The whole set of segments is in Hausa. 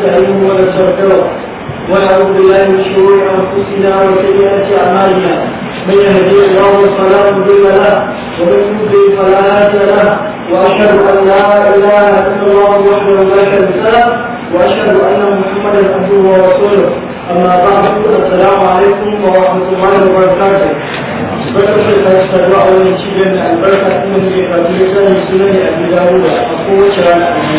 نستعين ولا ونعوذ بالله من شرور انفسنا وسيئات اعمالنا من يهدي الله فلا مضل له ومن يضلل فلا هادي له واشهد ان لا اله الا الله وحده لا شريك له واشهد ان محمدا عبده ورسوله اما بعد السلام عليكم ورحمه الله وبركاته barkar da ta sabu a wani cibiyar da albarka kuma ne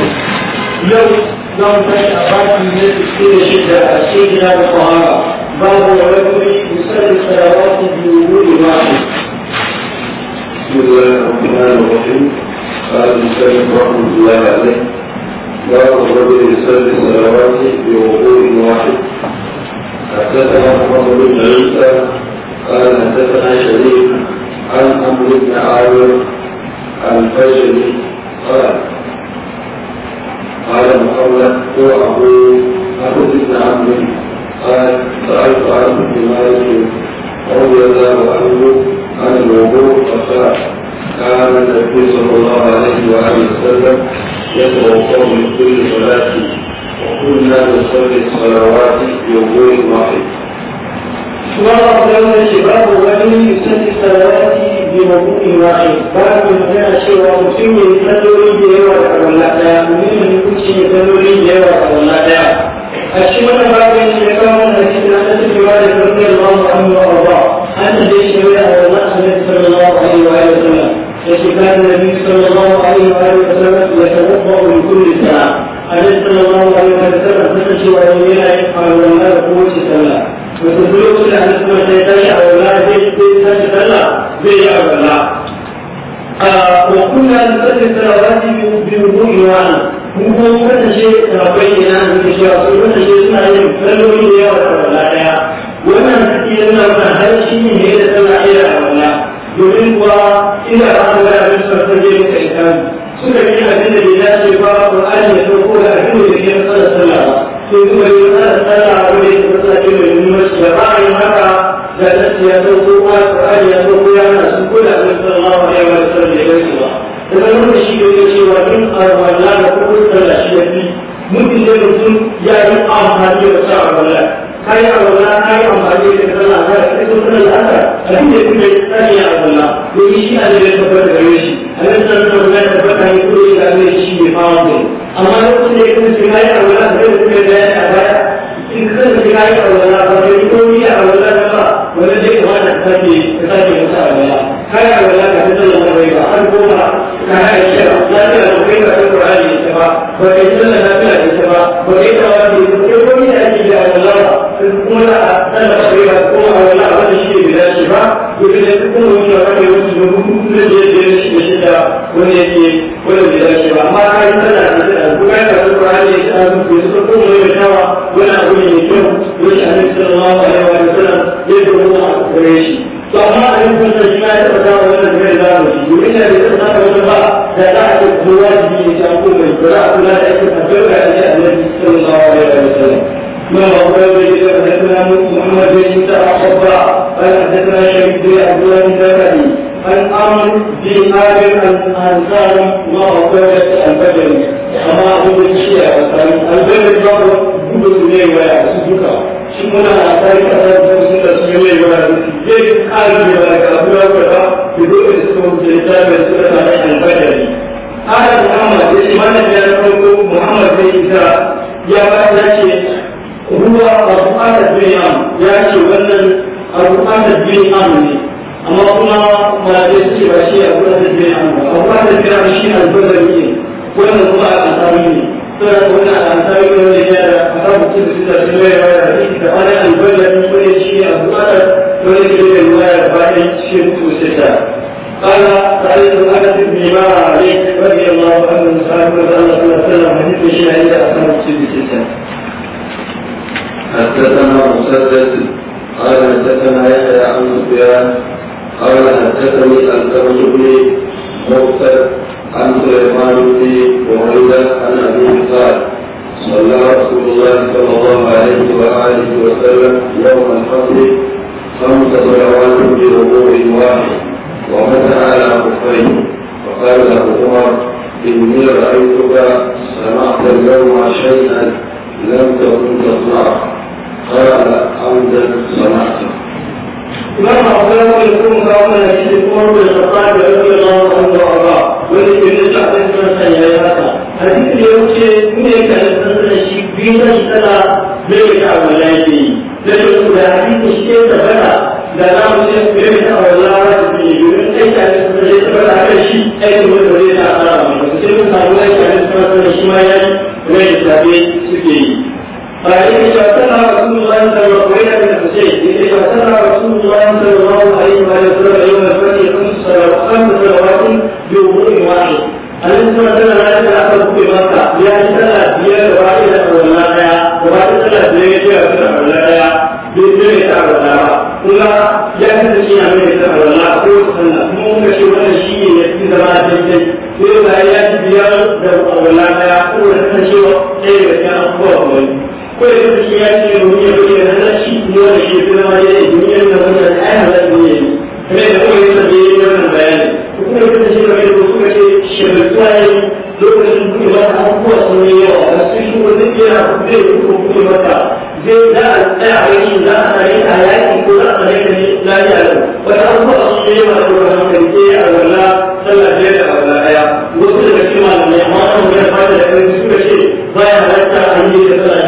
ba ta لو نعم، تشعرت من تشكيل شدة سيدنا الطهارة بعد الرجل يصلي الصلوات بوجود واحد بسم الله الرحمن الرحيم قال المسلم رحمه الله عليه باب الرجل يصلي الصلوات بوضوء واحد حدثنا محمد بن عيسى قال حدثنا شريك عن عمرو بن عامر الفجري قال قال المخلف هو أبوه أخذ ابن عمي قال سألت عن ابن مالك رضي الله عنه عن الوضوء فقال كان النبي صلى الله عليه وآله وسلم يتوضأ من كل صلاة وكنا نصلي الصلوات بوضوء واحد. مرة كان شباب الرجل يصلي الصلوات dina kuɗi ba shi ba ku yana cewa mutum ne tattori da yawa a wala ɗaya mutum ne kuɗi ne tattori da yawa a wala ɗaya a cikin wannan babin da ya kawo wannan shi na ta cikin wani karfi da wani wani wani ba an da shi ne a wala ɗaya ta cikin wani wani wani wani wani ya shi ka da nabi sallallahu alaihi wa alihi wa sallam ya tawaffa bi kulli sana'a alaihi sallallahu alaihi wa sallam sai cewa yana yin fara wannan ko shi sallallahu mutum lokacin da an kuma sai tashi a wala zai tashi sallah zai yi a wala وكنا نصلي الصلوات بوضوء mun kuma wannan shi akwai ina da muke shi a su wannan shi suna yin salloli da yawa da wala daya wannan suke yana mana har shi ne da sallah iya da wala domin kuwa ina ba mu da abin sa ta je ka ikan suka yi abin da ya dace ba Qur'ani ya dauko da abin da ya sallah sallah sai kuma yi ana tsara a wuri da tsaki mai muhimmanci da bayan haka da tafi ya zo ko kuma tsari ya zo ko ya na su ko da zai tsara ma wani yawa da tsari da gaisu ba kuma nuna shi da yake cewa in arwala da kuma tsara shi ya fi mutum da mutum ya yi amfani da sa arwala kai arwala kai amfani da tsara da kai sun tsara da haka abin da ya fi yi ba da kafin ya kwata ki zo ka cikin mutum ta bai suka sami alfajari ana muhammad ya ce mana ya farko muhammad zai isa ya ba ya ce ruwa a buƙatar bin ya ce wannan a buƙatar da am ne amma kuma malamai su ce ba shi a buƙatar bin am ba a buƙatar bin am shi alfajari ne wannan kuma a ƙasari ne suna kuma a ƙasari ne wanda ya da a kan mutum da su da ne ya da wani alfajari ne ya ce a buƙatar ولكن الرواية بعد شرك وشتاء قال رأيت أنس بن مالك رضي الله عنه صاحب صلى الله عليه وسلم حديث الشيء عند أصحاب الشرك وشتاء حدثنا مسدد قال حدثنا يحيى عن سفيان قال حدثني الفرج بن مغفر عن سليمان بن وهيدا عن أبي قال صلى رسول الله صلى الله عليه وآله وسلم يوم الفصل خمس صلوات بوضوء واحد ومتى على كفين فقال له عمر إني رأيتك سمعت اليوم شيئا لم تكن تصنعه قال عمدا سمعت إمام عبدالله يكون قام الحديث عمر بن الخطاب رضي الله عنه وأرضاه والذي يرجع من سيئاته حديث يوم شيء من يكلم سنة بين بينا سنة بيت wasu daga cikin malamai amma an da fata da kai suka ce baya halatta an yi da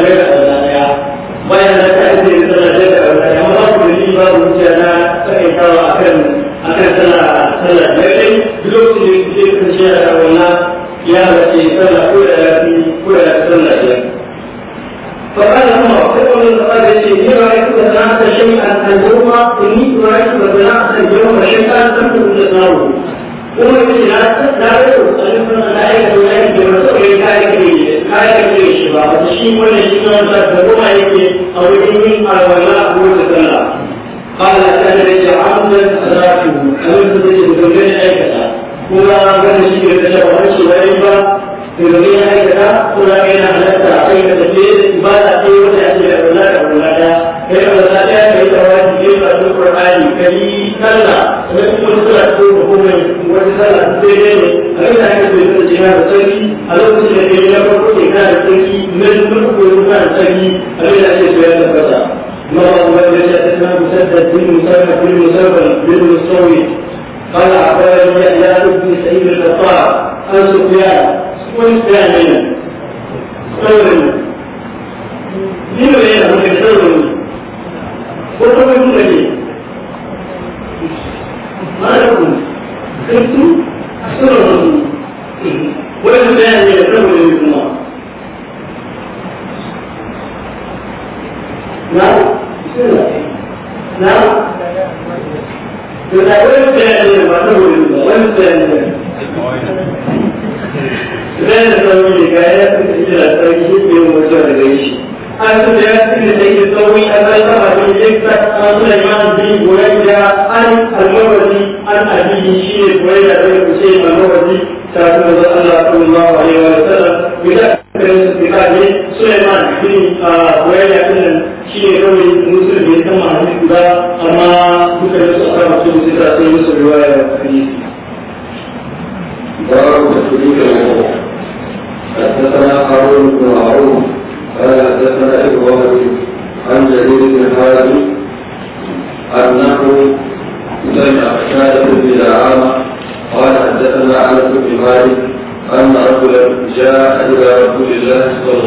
Gracias.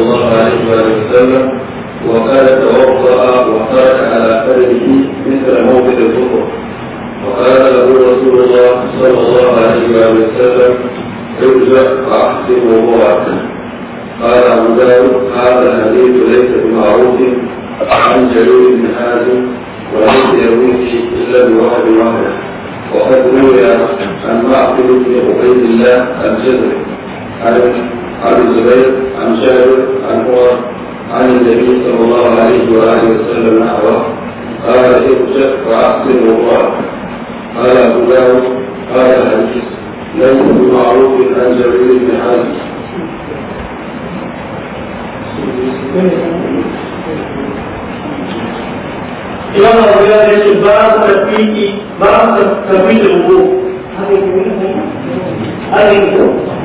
الله عليه وسلم وقال توضأ وقال على قلبه مثل موضع الظهر وقال له رسول الله صلى الله عليه وسلم ارجع واحسن وضوءك قال أبو داود هذا الحديث ليس بمعروف عن جليل بن حازم وليس يرويه إلا بواحد واحد وقد روي عن معقل بن عبيد الله الجزري عن عن الزبير عن جابر عن عمر عن النبي صلى الله عليه واله وسلم نحو قال ارجع واحسن الله قال ابو داود قال لم يكن معروف عن جبريل بن حازم إمام أبو داود يقول باب تثبيت باب تثبيت الوضوء هذه هذه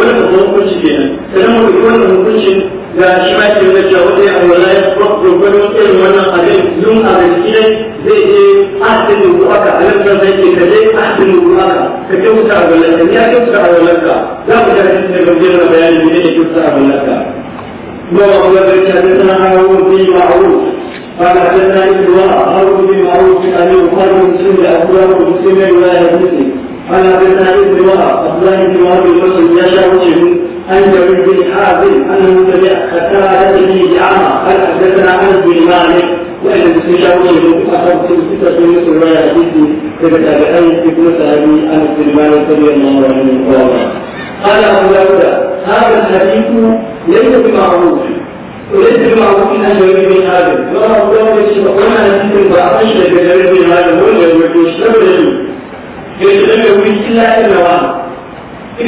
wani kuma hukunci ke nan idan mu ɗauki wannan hukuncin ga shi ma ke nuna cewa wata yawon wala ya kuma gwagwarin irin wannan abin yun abin gidan zai je asin da ku haka a nan zai ke kaje asin da ku haka ka kyauta a wallanka ya kyauta a wallanka za mu ga hadisi daga wajen a wallanka. a wani zai ce a zai قال حدثنا ابن وهب قال حدثنا ابن وهب عبد الله بن وهب المسلم يشاء مسلم عن جابر بن حازم انه سمع قتاده بن جعامه قال حدثنا انس بن مالك وان المسلم مسلم اخذ سته مسلم ولا حديث كتابعين في كل سهل انس بن مالك رضي الله عنه وارضاه قال ابو داود هذا الحديث ليس بمعروف وليس بمعروف ان جابر بن حازم وابو داود يشتغل على حديث بعض الشيء جابر بن حازم ولا يشتغل إلا إلا واحد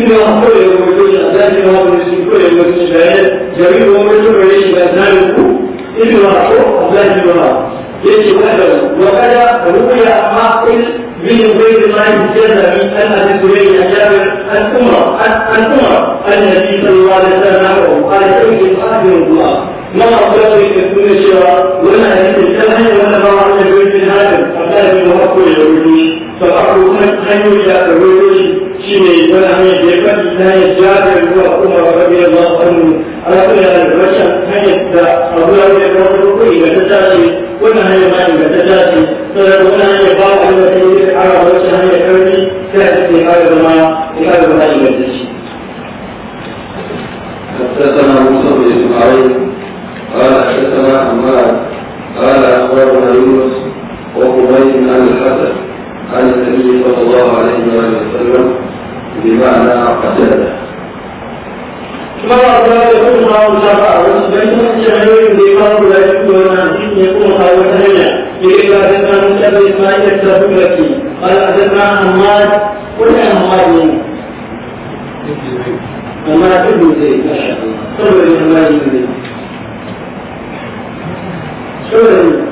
يقول الأذان إلا واحد يسكت إلا واحد يشبعين جميع ومجر وليش الأذان يقول إلا واحد أذان إلا واحد يجب أبدا وقد روي عاقل من غير ما يجزى من أن أبي سليم جابر أن أمر أن أمر النبي صلى الله عليه وسلم قال سيدي أخبر الله ما أخبرني من كل شيء ولا أجد الجمع da wasu ya rubuto shi sannan ko kuma hanyoyi da aka rubuto shi shi wani hanyar da ya faɗi ta hanyar jadar zuwa kuma rabi da ma hannu ala kuma yana da rashin hanyar da abu da ya kawo ko ingantacciya ce wannan hanyar ma ingantacciya ce sannan da wannan hanyar ba wani wata yi da wacce hanyar ƙarfi sai a cikin da zama ya ƙara zama ingantacci. حدثنا موسى بن اسماعيل قال حدثنا عمار قال اخبرنا يونس وقبيل عن الحسن عن النبي صلى الله عليه وسلم بمعنى قتاده مرة ثانية يكون معه شفاعة وسبعين شهرين بفضل لا يكون عن يكون خالد هنا يريد أن من أبي إسماعيل يكتب لك قال أدفع عمار كل عمار منه عمار ابن زيد ما شاء الله صلى الله عليه وسلم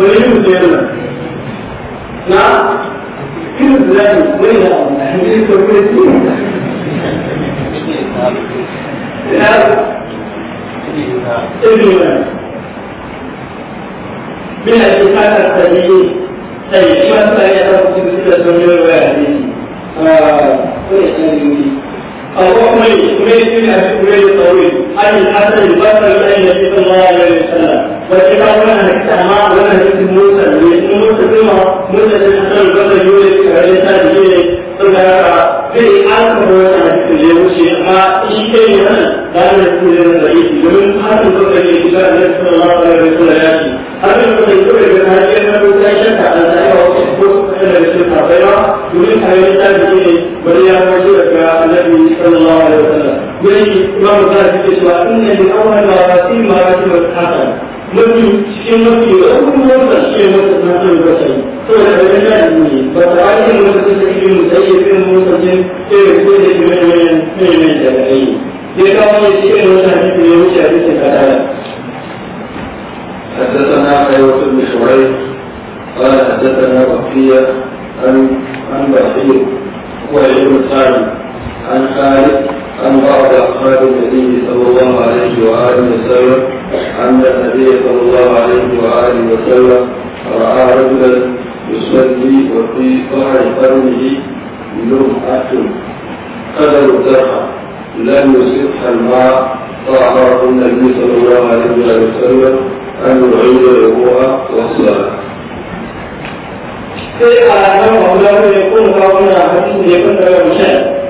wani yi su yana na irin su na yi su kuma su ya ilmina bila shi fata yi sai shi wata ya zama cikin da sun yi wa ya ne ne الحكمي سميت بن ابي كريم الطويل عن الحسن البصري عن النبي صلى الله عليه وسلم وكتاب من الاستعمار ومن حديث موسى ويكون موسى كما موسى الحسن البصري يولد عليه السلام يولد ثم في عالم موسى حديث اليهودي ما شيء من كان يقول الرئيس ومن حسن البصري كتاب النبي صلى الله عليه وسلم ياتي هذا البصري يقول من هذه انه لا شك ان ذلك وقت الحكم ان الرسول صلى الله عليه وسلم يولد عليه السلام يولد وليا موجود كالنبي صلى الله عليه وسلم يقول إمام في الشواء إن من أول مراتب مراتب الحسن لكن شيء في أول مرة شيء مرة نحن البشر فهو حبيبنا أدمي فتعالي المتسلسل في المتأيب في حدثنا حيوة بن شعيب قال حدثنا وفية عن عن بخيل وعلم سالم عن خالد عن بعض أصحاب النبي صلى الله عليه وآله وسلم أن النبي صلى الله عليه وآله وسلم رأى رجلا يصلي وفي ظهر قلبه لمعة قدر الدرع لم يصبها الماء فامر النبي صلى الله عليه واله وسلم أن يعيد الوضوء والصلاة. في علامة يكون هنا حديث يكون له مشاهد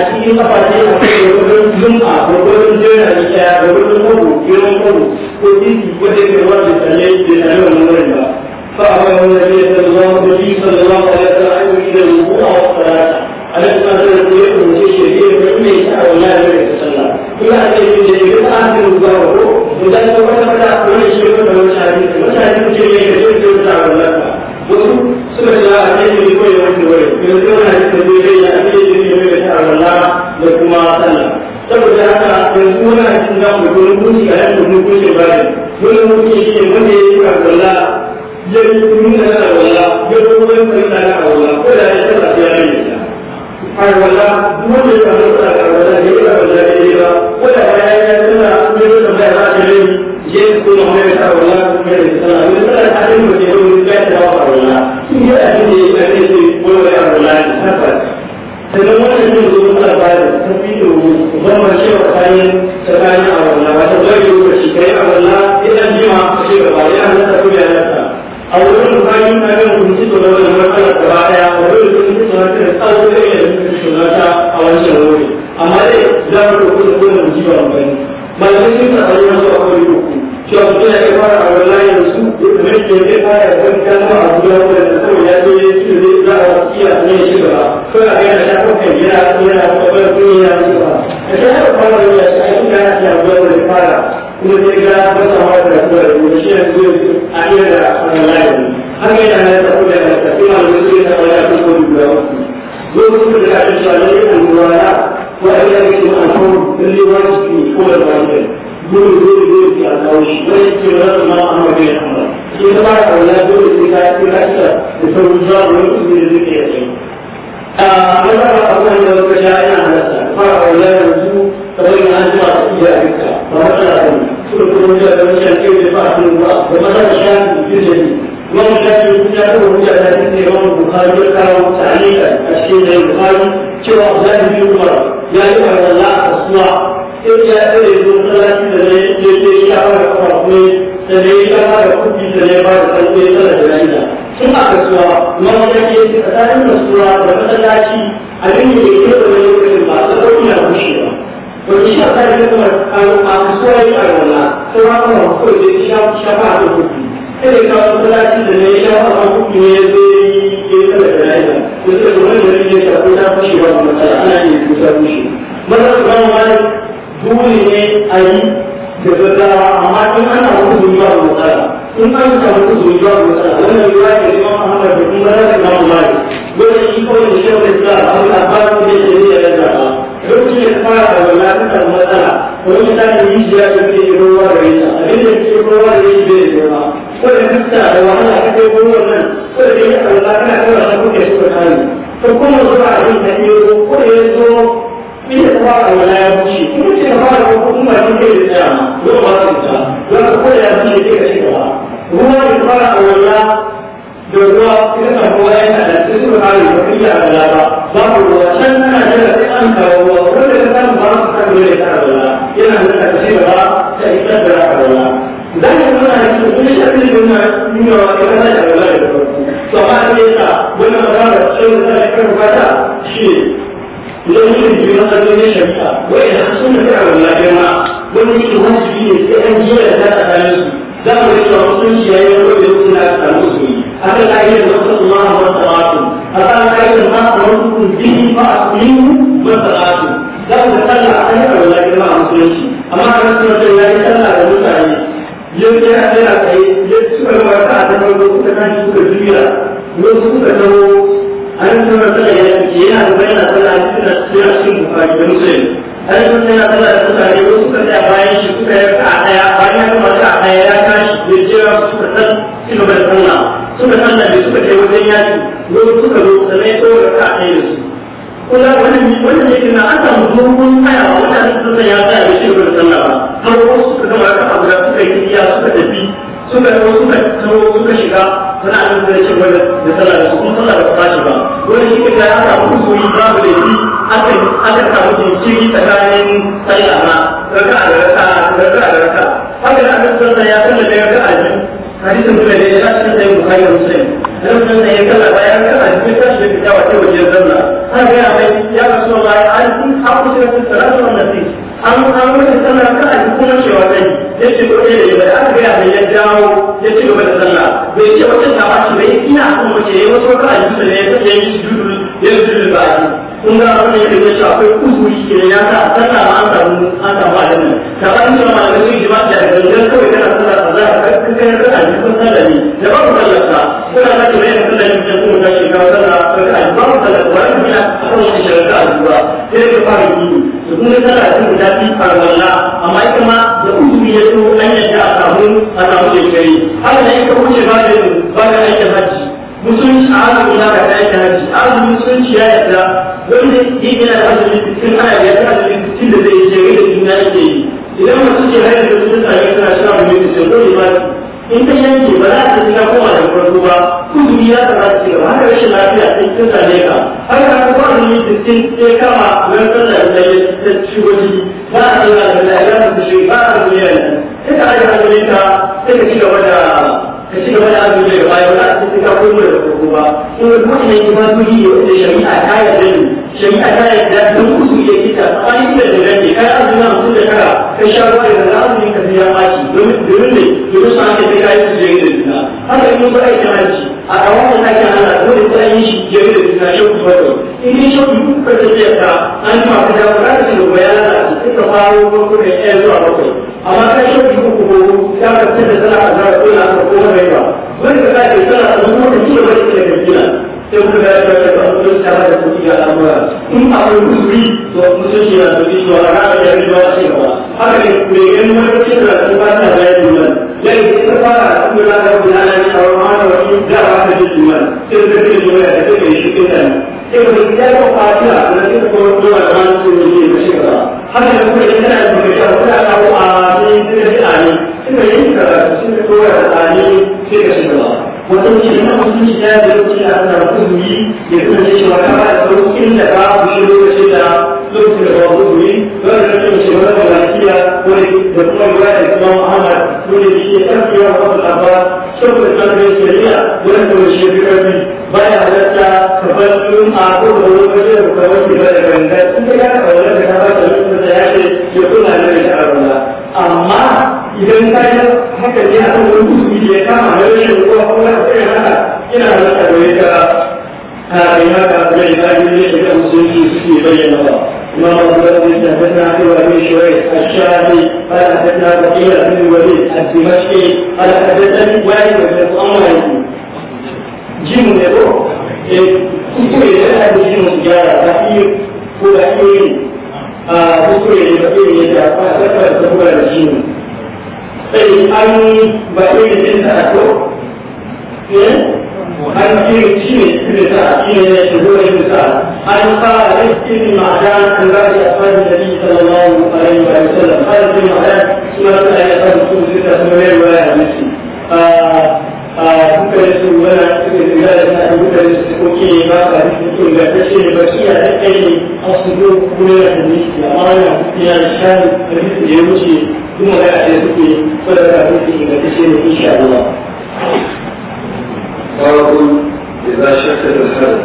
a cikin kafafe a cikin gudun juma ko gudun jera da kya da gudun kudu girin kudu ko titi ko da ke wanda tsalle da na yawan wurin ba fa a wani ta da sallallahu alaihi sallallahu alaihi wasallam an yi da rubuwa wa salata a nan kuma da ke yi rubuce shirye da mai ta a wani da sallah kuma a cikin da ya ta asirin zuwa ko da za mu dole mun shi ayan mu ko shi ba dole mun shi shi wanda yake ka walla ya yi mun da ka ya ko mun sai da ka ko da ya ta ya yi har walla mun da ka ka walla ya ka walla ya ba ko da ya yi ya tana mun da ba ya ta yi ya da ka walla ya da da ya ne za mu ɗauki da wannan jiwa amfani malamai sun sa a yi wasu akwai uku cewa mutum ya kai fara a wani layin su mai ke zai fara ya kan kalma a guda wanda da kawai ya zo ya ci da zai za a iya ne shi ba kawai a gana ta kawai yana yana kwakwalwa ko yana zuwa a shi haka fara da ya shi a ya ci a guda wanda da fara kuma zai ga masa hawa da kuma da kuma shi ya zo a iya da wani layin har ga yana ya tafi da ya tafi malamai sun yi tafi ya da guda uku. Zo da ya ci a وأولئك الأشهر لوجه كل الرجل دول دول دول في الأوش ويجي غير ما أمر به الأمر إذا ما أولاد دول في ذات الأكثر بسبب الزار ويؤمن بذكر يديه أمر أولا لو كشاعر على السنة فأولاد رسول فبين أن تأتي بك فمثلا كل كل رجل من شركه بفاعل الله ومثلا شان في الجديد ومن شان ya zuba hujja da cikin yawan bukari ya kawo ta'alika a cikin da bukari cewa zai biyu mara ya yi wa Allah a kasuwa sai ya tsere zuwa masallaci da yi ya ce ya fara kwakwai da yi ya da kuɗi da na fara ya tsara da ra'ina sun a kasuwa mamaki ke ce tsakanin kasuwa da masallaci a yi ya ke da wani lokacin ba ta ɗauki na bushewa wani shi a kasuwa ya yi a wala sai ma kuma kawai da ya shafa a sai ka wasu lati da ne ya hawa kuɗi ne ya zo yi ke kada da ya yi da sai ne wani da ya shafi ta fushi ba kuma sai ana yi ku ta fushi mana ba ma dole ne a yi da gaggawa amma in ana hukumi ba ku matsala in an samu hukumi ba ku matsala wannan ruwa ne ma Muhammad da kuma da Imam Malik dole shi ne da ne da Allah a ba ne da shari'a da zaba lokacin da fara da wannan ta samu matsala wani misali rijiya da ke ruwa da ita abin da ke ruwa da ita bai ruwa ko da kusa da wahala ka kai gurin nan ko da ya alba kana kai wannan kuke shi ko tani to kuma zuwa abin da ya zo ko da ya zo bi da a wala ya buci kuma ce ka fara ko kuma ya ke da ta zo ba ka ta don ko da ya buci ke ka shiga ruwa da fara wala da ruwa ina ka kowa yana da su su fara da kiyya a galaba ba ku ruwa can kana jira sai an kawo ruwa wanda ka san ba su san dole ka alwala yana da ta ce ba ta da alwala dan yi nuna da su sun shafi nuna nuna wa kai da wala da to amma da yasa na magana da sai da ta kan fata shi idan yi da juna da ne shari'a wai da sun da ta wala da ma wani yake wajibi ne sai an jiya da ta tsakanin su za mu rika mutunci yayin da su na tsakanin su haka ta yi da wasu ma wa salatu haka ta yi da ma wa rukun bihi fa aslimu wa salatu ba mu da sallah a kan wala da ma mutunci amma a nan suna ya yi sallah da mutane yanzu ya a yana tsaye ya suka gaba ta a tabar da suka suka juya wasu suka taho an yi suka tsala ya ce yana gaba yana tsala a cikin suna cikin bukari da musulmi an yi suka yana tsala da mutane wasu suka tsaya bayan shi suka yi a daya bayan ya gama ta a daya ya tashi ya su suka san ci gaba da sallah suka sallah da suka kai wajen yaki wasu suka zo sannan ya tsoka a daya da su kula wannan wannan ne kina an samu dogon tsaya a wannan sun ya tsaya da shi gurin sallah ba farko suka gama ka abu da suka yi iya suka tafi suka yi suka tawo suka shiga suna an zai ce wanda da sallah da su kuma sallah da ba shi ba wannan shi kaga ya samu kusuri babu da shi aka aka samu jinkiri tsakanin sallah na raka a raka raka a raka haka da aka sallah ya sallah da raka a biyu hadisin da ya tashi sai Bukhari da Muslim dan nan ya sallah bayan raka a tashi da fita wace wajen sallah a gaya mai ya rasu Allah an kun haku shi rasu salatu wa nasi an an wani sallah ka a duk kuma cewa zai ya ce ko ne da aka gaya mai ya dawo ya ci gaba da sallah bai ce wata ta ba shi bai ina kun mace ya wasu ka a duk ne ya ya yi dudu ya dudu ba shi kun ga wannan yake da shi akwai uzuri ke ya ta sallah ma an samu an samu alamu ta ba ni ma da shi ba da gangan kawai kana sallah za ka kai ka a duk sallah ne da ba ku sallah ka kuna da mai sallah ne da kuma وسلم البرد الأول من أحسن شركاء الأولى تلك فارقين يكون سنة تكون ذاتي فارغلا أما كما يقول يدعو أن يشاء أتاهم أتاهم الكريم هذا يكون بعد بعد أي تهجي musulunci a hannun guda da kayan shaharci a hannun musulunci ya yarda wanda yi yana da hannun cikin ana ya ta hannun cikin da zai yi shari'a da juna yake yi idan mutum ke hanyar da mutum tsaye suna shirin mai da shekaru ba in ta yanke ba za ta tafi na kowa da farko ba kuzuri ya ta zasu cewa haka rashin lafiya sun kin same ka haka haka ba mu yi sittin sai kama ran sallar da ya ta ciwo ji ba a sallar da ya ga mutum ba a duniya ne sai ka aje hankalinka sai ka ci gaba da ka ci gaba da azumi da bayan abubuwa da koko ba in ba su yi da shari'a ta yarda shari'a ta yarda don kusu ya kita tsakanin da da ne kai azumi hamsin da tara kai sha ruwa da za azumi ka sai ya ɓaci domin ne domin su su da haka in ba hanci a hana an yi shi jere da juna shan in yi shan ta an dawo za ka ci da bayan da su suka zuwa bakwai amma kai shan kuma kuma ka ce da tana zara ko na ko ba wanda za ka tsara a zuwa da shi wani da ke gina sai kuma ya ta da ba su ta da kuɗi ga al'amura in akwai musulmi to musulmi na da shi wani rana da a ce gaba haka ne yan wani cikin da su ba ta da juna ta fara a cikin da ya juna na ne a wani mana wani da ba ta da juna sai da ke juna da ke shi ke sai ya cikin kuma juna da su ne ke gaba haka ne da wajen ce na musulunci ya da lokaci da an zara kuzuri ya kuma ce cewa kama da tsaro inda ku shi lokacin da lokacin da ba don da da kuma da kuma muhammad shi ya karfi saboda tsarin shari'a da wani baya halatta ka fasu a kowane da ka wanke ba da ganga in ka gana da ka ba da lokacin da ya ce ya da amma idan ka yi haka ne a kan ina da ka gare ka kafin haka da ina gure da kan musulmi suke bayyana ba إمام أبو بكر حدثنا أبي أبي شعيب الشافعي قال حدثنا بقية بن الوليد الدمشقي قال حدثني وائل بن الأمر جن ta kuskure da ya haɗu shi musu gyara ta iya ko da iya a kuskure da ya iya da ba a tsakar da kuma da shi ne sai ba iya jin da ako an kiri kiri kiri sa kiri ne shi gore shi sa an fara da kiri ma'adan an ba da asali da bi sallallahu alaihi wa sallam fara kiri ma'adan shi ma suna yi asan su su da kuma mai ruwa ya miki a duka da su wani suke da yara da su duka da su koke ba ba da su ke ba a da kai a su da ya wuce da ya da da باب إذا شك الحدث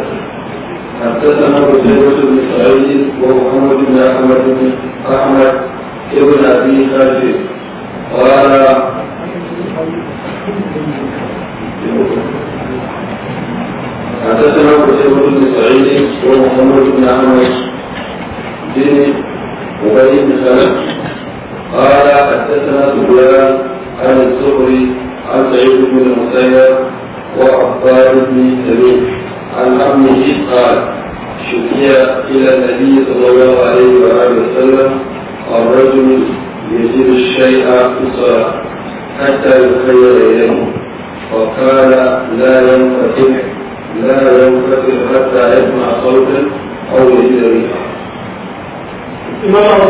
حدثنا قتيبة بن سعيد ومحمد بن أحمد بن أحمد ابن أبي خالد قال حدثنا قتيبة بن سعيد ومحمد بن أحمد بن أبي بن خالد قال حدثنا سفيان عن الزهري عن سعيد بن المسيب وعباد بن سبيل عن عمه قال شكي إلى النبي صلى الله عليه وآله وسلم الرجل يجد الشيء في الصلاة حتى يخير إليه وقال لا ينفتح لا ينفتح حتى يسمع صوتا أو يجد ريحا. إمام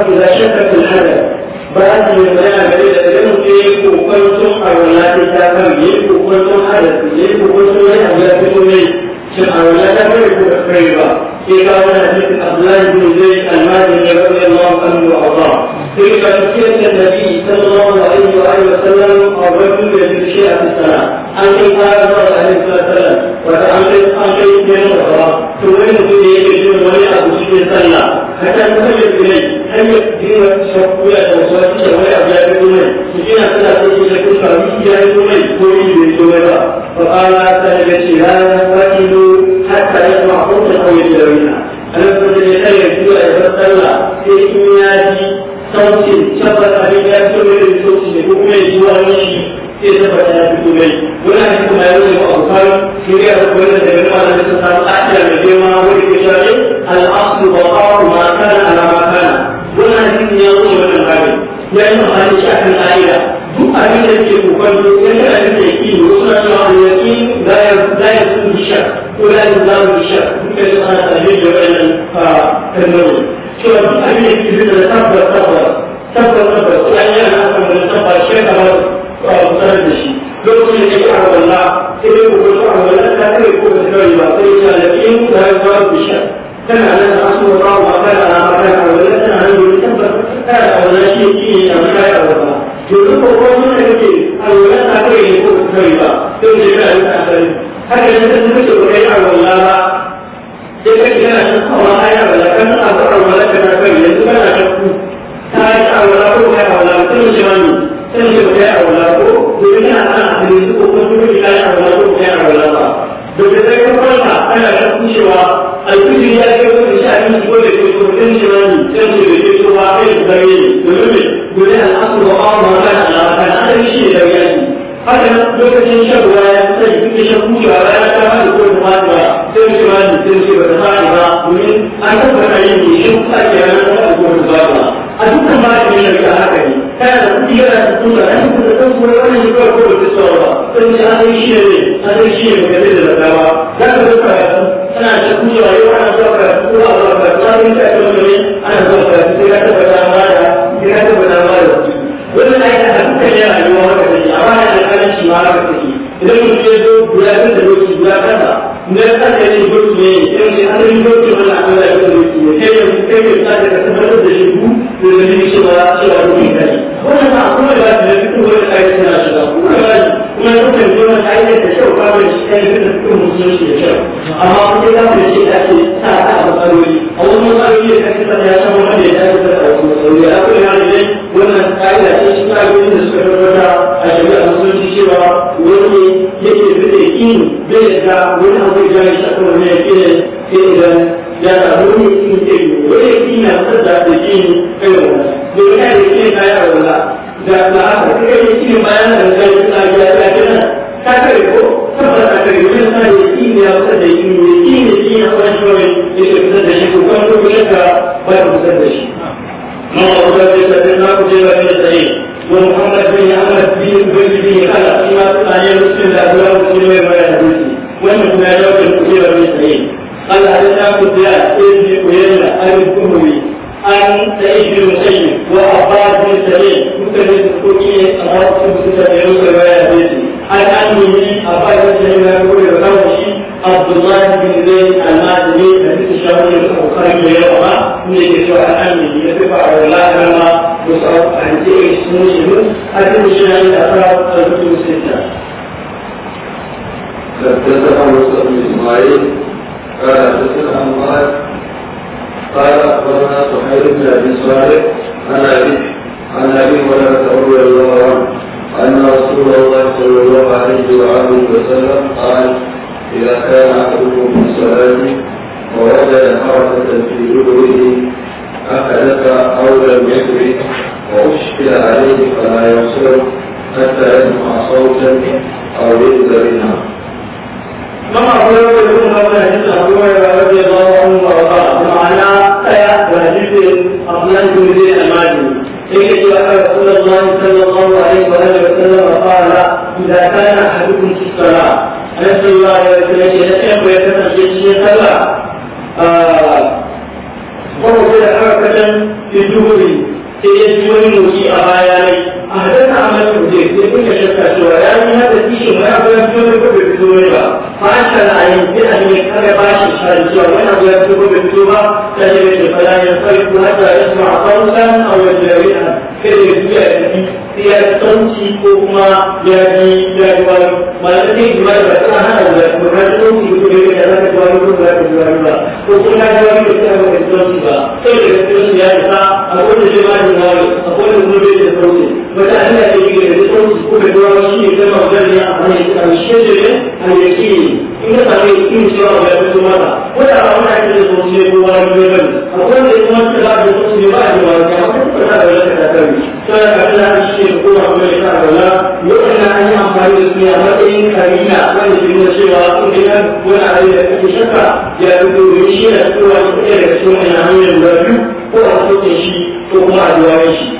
أبو لا شك في الحدث bayan da mai magana gare da idan mutum ya yi kokwanton arwala ta ta kan ya yi kokwanton yi kokwanton wani abu ya fito ne shin arwala ta ko ta ba sai ka wani hadisin abdullahi bin zai almajin ya rabu ya mawa kan da كيف يمكن النبي صلى الله عليه وآله وسلم أو يكون يجد شيئا في الصلاة أنت قال الله عليه وسلم وأنت أنت يمكن الصلاة تؤمن به يجد ولي أبو سيد صلى حتى نخرج إليه هل يقدر شكوى وصلاته ولا أبلاء بمن سجينا صلاة يشكو فرميه يا بمن قولي بالجملة فقال سنجد هذا وكيل حتى يسمع صوت قوي الجميع أنا كنت لخير سوى يفصل سيكون sautin tabbata abin ya fito mai da da ko kuma yi wani shi sai tabbata ya fito mai wani hadisi kuma ya zo a bukari ya zo wani wani da samu akira da girma wani ke shafi al'asu wa a ma kana ala ma kana wani hadisi ya zo wani hali ya yi mahalin shi akan duk abin da ke kokon ya yi abin da yake yi wasu na wani da yake za ya shak ko ya yi zamu shak duk da su ana tsaye da wannan kalmomi cewa duk abin da ke da tabbar tabbar tabbar tabbar ko an yana akan wani tabbar shi ya kamar kusurar da shi lokacin da ya ƙara walla sai dai kuma shi a walla ta kare ko ba ta ba sai ya ce da in ku har ba ku sha kana nan da asu ba ba kana nan ba kana walla kana nan da tabbar kana da walla shi yake yi da kai a walla to duk ko wani ne yake a walla ta kare ko ba ta ba sai da ya ƙara ta haka ne sai kuke ba kai a walla ba sai kai kana shakku ma ai wala a abu wala kana kai yanzu kana shakku ta yi awala ko kai awala ko mun ce wani sai ce kai awala ko domin ana ana hadin su ko kuma duk kai awala ko kai awala ba domin sai ka fara ana shakku cewa alƙudi ya ce ko shi a cikin ko da ko ko sai ce wani sai ce da ke so ba kai da gare ni domin domin al'asru wa ba ma kana al'asru an shi da gare ni haka lokacin shan ruwa ya kusa da duk da shan kucewa rana ta hada ko da mata sai mu ma da sai mu ba ta fadi ba domin an tabbata yin ne shan kusa ke ranar ta hada ko da mata a dukkan ma da yin shari'a haka ne kana da kuɗi yana da kuɗa an kuɗa kan wani ne ko da ta ba sai an yi shi ne an yi shi ne ga da ba. za ka zo karatu ana shan kucewa yau ana ba karatu ko a zuwa karatu wani ne ta ce wani ana zuwa sai ka tabbata ma da sai ka tabbata ma da wannan aiki a dukkan yana yiwuwa haka ba da karanci ma haka take idan mutum ya zo guda kan da doki guda kansa idan kan da yin doki ne idan ne an yi doki wannan abin da ya kan ne kai ne kai ne ka da tabbatar da shi ku da da ne cewa cewa doki kai wannan ba kuma da ba da duk wani kai suna shiga kuma da kuma aiki da kyau ba da shi kai da cikin musulunci da kyau amma za ce da ke sa ta matsaloli a wani matsaloli da kake sani ya san wanda ya dace da wasu a kuma yana da wannan ka'ida ce shi da suka tabbata a a musulunci cewa wani yake bude kini bai yadda wani abu ya shi ya samu wani ke yi wani na da kini kai wannan domin ya da kini na yaro na da bayan da very good. وسلم حتى يسمع صوتا أو رزق منها كما قلت لكم قبل أن أبو رضي الله عنه وأرضاه ومعنى أيا وحديث أصلا بن زيد المالي إليه رسول الله صلى الله عليه وسلم قال إذا كان أحدكم في الصلاة نسأل الله عليه وسلم يتقي ويتقي في الصلاة وهو في حركة في الجهر sai ya ji wani motsi a baya cewa ya yi haka kishin ya fi ya fito da kobe fito ne ba fasha da a yanzu a ne kare bashi shari cewa wani abu ya fito kobe fito ba ta ce mai fada ya sarki hata ya suma a farusan a wajen da ya kai da ya fiya da ya tsanci ko kuma ya ji ya ji wani malamai ne ba da kuma hana da ko na tsanci ko da ya zaka ji wani ko da ya ji wani ba ko kuma ya wani da kuma ya tsanci ba sai da tsanci ya isa a kowane da ma ji wani a kowane da zai da tsanci wata an da yi da tsanci ko da ruwa shi ne zama wajen ya amma ya karshe ne a yake in ka sami in cewa ba ya fito mata ko da ba wani ake da tsanci ko wani ne ba ne a kowane kuma ta da ne ba a suna da wani kasa kari suna da wani amfani da su ne a matsayin karina wanda shi ne a kun ga yan wani abin da kake shakka ya fito domin shi na fitowa shi ɗaya daga cikin wani hanyar ko a sokin shi ko kuma a shi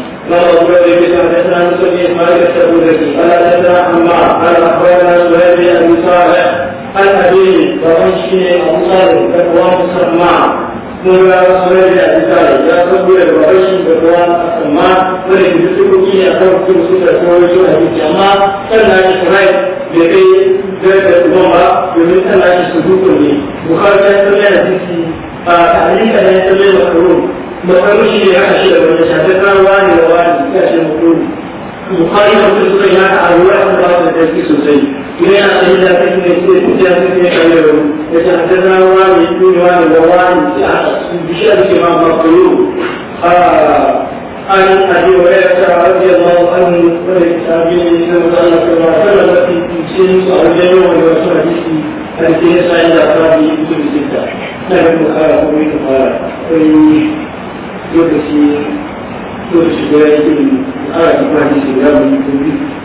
mun ga wasu rai da abin ya san bude da babar shi da ruwa amma wani da su kuki ne a kan kuki musu da kuma wani suna yi amma sannan shi rai da kai zai da kuma ba domin na shi su duku ne bukari ta san yana sisi a ta'alika ne ta mai makaru makaru shi ne aka shi da wani shafi rawa ne da wani ya ce makaru bukari da kuma sai ya a ruwa an ba da sosai ina ya sai da kai ne sai ku ta ku ne kai ne ya ta da rawa ne ku ne wani da wani ya su bishar ke ma ba ko yi a an abi wa ya ta rabbi Allah an wa ya ta bi ne da Allah ta ba ta da ki ce su a wajen wani wasu hadisi da ke sai da ta bi ku ne da ta da ku ka ku ne da fara sai lokaci yau shigo ya yi ana ta kuma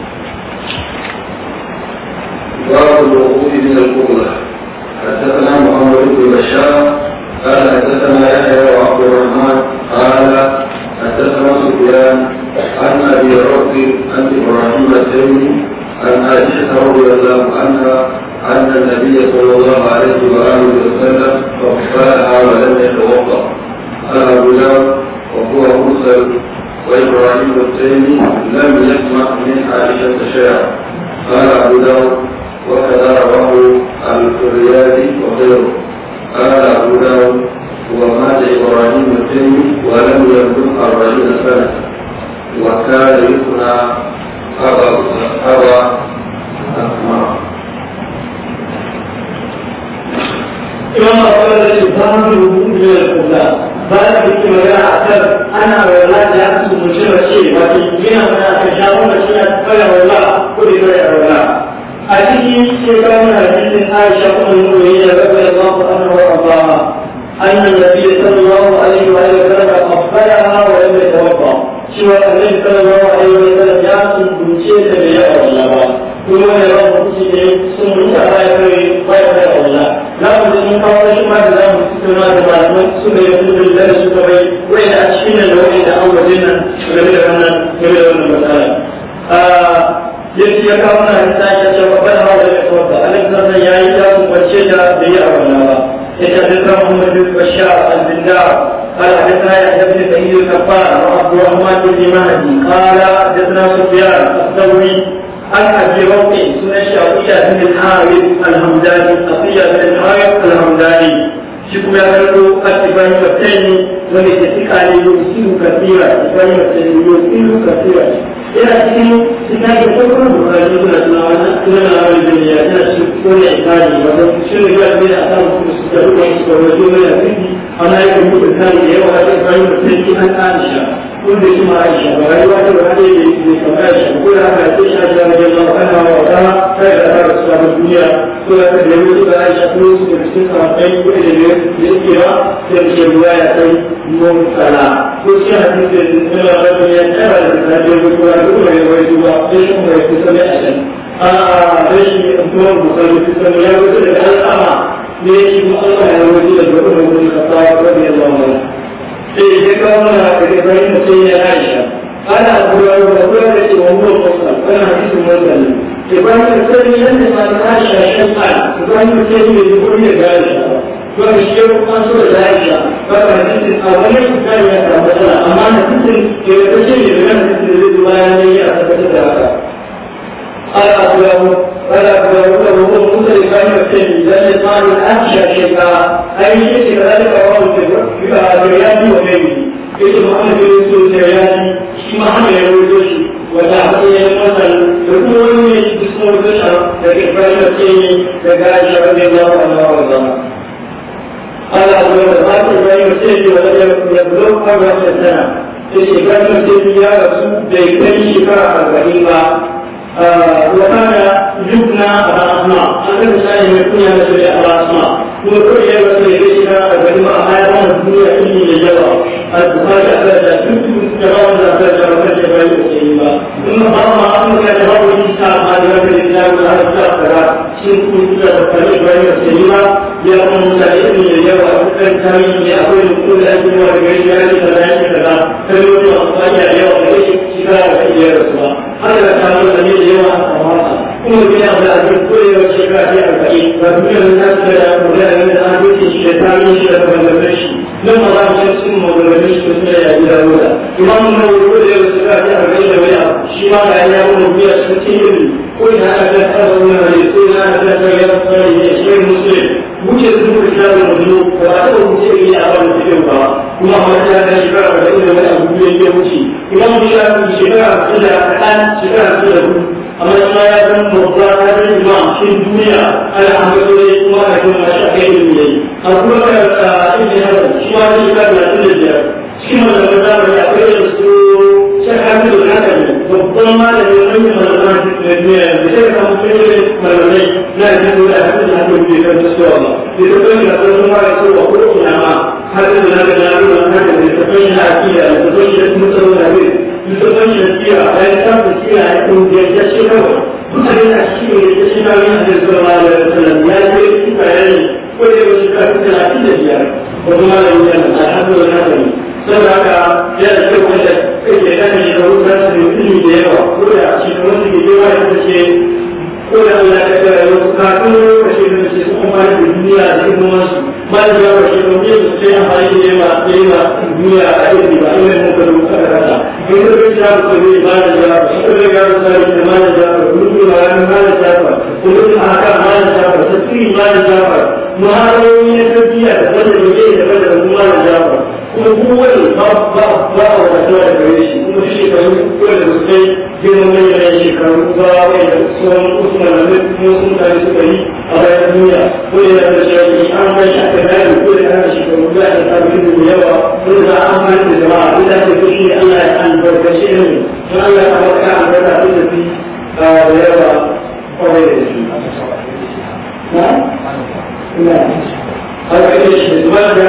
الوقوف من القبلة حدثنا محمد بن بشار قال حدثنا يحيى وعبد الرحمن قال حدثنا سفيان عن ابي رب عن ابراهيم التيمي عن عائشه رضي الله عنها أن النبي صلى الله عليه وآله وسلم اغتسلها ولم يتوضأ قال غلام وهو مرسل وإبراهيم التيمي لم يسمع من عائشة شيئا قال أبو داود وكذا رواه الفريادي وغيره قال أبو داود ومات إبراهيم التيمي ولم يبلغ أربعين سنة وكان يكنى أبا أبا أسماء كما قال الإنسان من الإسلام bayan da suke magana a kan ana wallah da ya su mace mace wato yana mana kan ko da a cikin shekarar hadisin Aisha kuma da rabbi Allah wa Allah kuma da ba. kuma ne sun mutu a bayan bayan Allah. Na shi ma da suna da malamai su ne yanzu billahi su ka bai wai da cikin nan da wani da an waje nan game da wannan game da wannan matsala yace ya kawo na hanta ya ce ba da hawa da tsofa alexander yayi ya kubace da da yi a wannan ba yace da kan Muhammad bin Bashar al-Bindar قال حدثنا يحيى بن سعيد الكفار وعبد الرحمن بن مهدي قال حدثنا سفيان الثوري عن ابي روح سنه شعبيه بن الحارث الهمداني قصيه بن الحارث الهمداني shi kuma ya karbo a ibani masani wani ke tsika ne yau silu kasira ibani masani yau cikin ke kokon suna suna wani cikin kone shi ne ya a samun kuma su su da ana yi rubu da kan da yawa da bayan mutum ki an aisha kun da kima aisha ba rayuwa da wani ne ne kamar aisha ko da aka ce shi aisha ne ba kana wa ta kai da ta rasu da duniya ko da ta da mutum aisha ko su da cikin sahabbai ko da ne da yake ba da ke ruwa ya kai mun sala ko shi a cikin da ne da ya tsara da ta kawo na daga bayan mutum ya aisha ana kura da kura da ke wani musa wani hadisin musan ke ba ta sani yadda ma ta aisha shan ba ta ba ta sani da duk ya da ba ta shi yau an so da aisha ba ta hadisin a wani kuka ya ta matsala amma hadisin ke da ta ce ne da kan hadisin da zai zuwa ne ya tabbatar da haka قال أبو داود قال أبو داود وهو مختلف عن الترمذي لم يسمعني أخشى شيئا أي شيء كذلك رواه الترمذي في الرياض وغيره yake ba ana gani so da ya yi shi ma haka ya rojo shi wanda haka ya da kuma wani ne shi duk da ke shi daga ibrahim da ke yi daga aisha ya zama wanda zama Allah ya da ba ta ibrahim sai ya ce wanda ya bulo kuma ba ta sana sai shekarar ya rasu bai kai shekara arba'in ba وكان يبنى على أسماء أنت مسائل يكون يمسوي على أسماء وكل يمسوي بيتها الكلمة حياة الدنيا إلي الجواب البخاري أبدا كنت تغاوز أبدا وكنت يبعي أسيما ثم قام أمك تغاوز إسحاق على رب الإسلام وعلى الساقرة إن كنت تغاوز يبعي أسيما يقوم مسائل إلي الجواب كنت من يأكل كل أجل وغير ذلك فلا يتبع فلوجه أصبعي اليوم إليك شفاء إلي رسول mutane da yawa a kamata kuma da yana da abin koyewar shekara ta arba'in ba da mun nasu da ya kuma da yana da an shi da tarihin da maganganun shi nan ma za mu da cikin maganganun shi da suna da gida rola imam mun nawo ko da yawa shekara da wani shi ma da ya yi mun biya ko ina ana da tsara wani ko ina ana da tsara ya fara yi a cikin su da kan shekara su da hudu amma shi ya san babba ta bin cikin duniya ana ambato kuma a kuma shi a kai ilimi a kuma ka ibn hasan shi ma zai da biyar cikin malaman zamani akwai da su shekara su da hakan babban malamin manyan malaman da duniya da sai ka samu kai malamai na yanzu da hakan da kan ba da ta kai da ma ya so ba ko ina ma har da na ga na ga na ga da ta kai na akida da ta kai da da duk wani da tsiya bayan samun tsiya ya kan biyayya ce kawai mutane na shi ne ya ce na wani da zuwa ma da wasallam ya ce shi ka yi ko da yau shi kafin talatin da biyar ko kuma da wuya na da hannu da na gani saboda haka ya da kyau wanda kake kan yi da wuta su ne ilimi da yawa ko da shi da wanda ke yawa ya ce ko da Allah ya ga yau kafin lokacin da shi kuma da duniya da kuma su bayan ya bashi don yin sai a bayan ne ba sai ba duniya a yi ba ina yin da muka da kasa in da bai ta ko ne ba da ya ba shi da ya ba sai da ma da ya ba duk da ma da ya ba kuma da haka ma da ya ba sai ma da ya ba muharrami ne ta biya da wanda ne da wanda kuma da ya ba kuma kowane ba ba ba da ya ba shi kuma shi kan kowane sai girman da ya shekaru ba wai da tsohon usman da mutum sun da suka yi a bayan duniya ko da da shi an bai shi aka gane ko da ana shekaru ba da sabbin da yawa ko da an bai da jama'a ko da ke kushi Allah ya albarkace ne don Allah ya albarka albarka sun da fi da yawa kawai da shi. العقيدة الشمال بن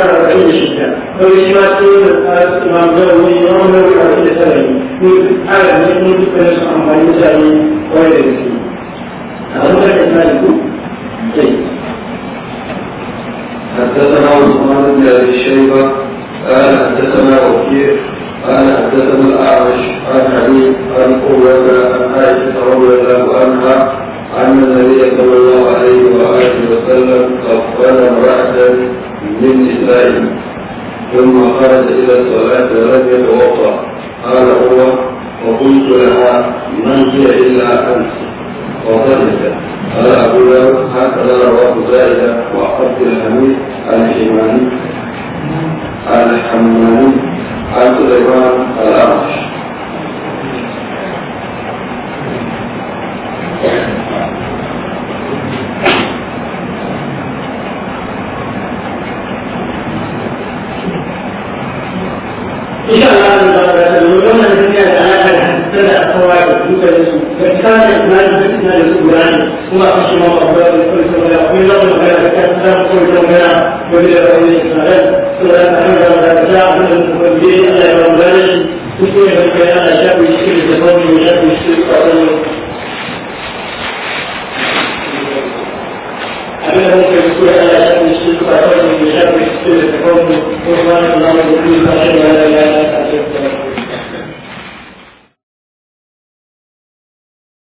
أبي شيبة قال حدثنا وكيع الأعرج عن حبيب عن قوة عن عائشة رضي الله أن النبي صلى وسلم قبل رأسا من نسائه ثم خرج إلى الصلاة ولم يتوقع قال هو وقلت لها من هي إلا أنت وضحكت قال أبو داود هكذا رواه زائدة وعبد الحميد الحماني الحماني عن سليمان الأعمش مكلفون فكان ما يمكن ان يكون عنه وما خشم الله ولا يقول ولا يقول له ولا يكتب لا يقول له ولا يقول له ولا يسمع له ولا يتحمل ولا يدافع ولا يقول لا يرى ولا يسمع له ولا شاب يشكي لتفضل وشاب يشكي لتفضل أنا ممكن يقول على شاب يشكي لتفضل وشاب يشكي لتفضل وسبحان الله وبحمده أشهد أن لا إله إلا الله